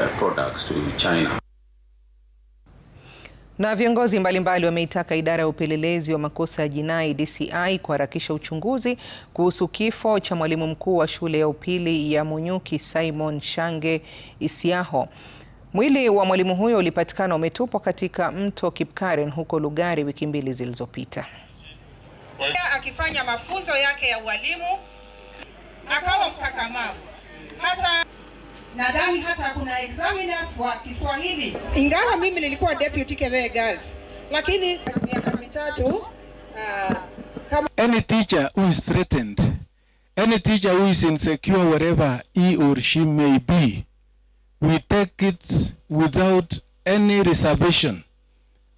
Uh, products to China. Na viongozi mbalimbali wameitaka idara ya upelelezi wa makosa ya jinai DCI kuharakisha uchunguzi kuhusu kifo cha mwalimu mkuu wa shule ya upili ya Munyuki Simon Shange Isiaho. Mwili wa mwalimu huyo ulipatikana umetupwa katika mto Kipkaren huko Lugari wiki mbili zilizopita. Akifanya mafunzo yake ya ualimu akawa mkakamavu hata nadhani hata kuna examiners wa Kiswahili. Ingawa mimi nilikuwa deputy Kevee Girls, lakini miaka mitatu uh, kama any teacher who is threatened any teacher who is insecure wherever he or she may be we take it without any reservation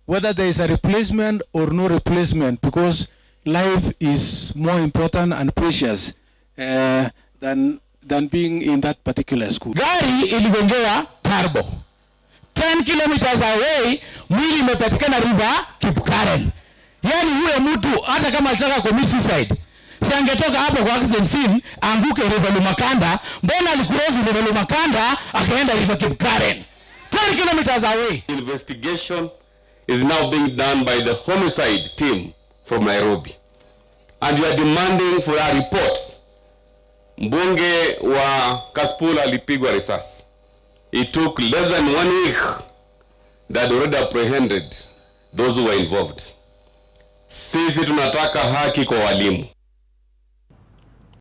whether there is a replacement or no replacement because life is more important and precious uh, than than being in that particular school. Gari iligongewa Tarbo 10 kilometers away, mwili imepatikana river Kipkaren. Yani huyo mtu hata kama alitaka commit suicide si angetoka hapo kwa accident scene anguke river Lumakanda? Mbona alikross river Lumakanda akaenda river Kipkaren 10 kilometers away. Investigation is now being done by the homicide team from Nairobi and you are demanding for our reports Mbunge wa kaspula alipigwa risasi. It took less than one week that already apprehended those who were involved. Sisi tunataka haki kwa walimu.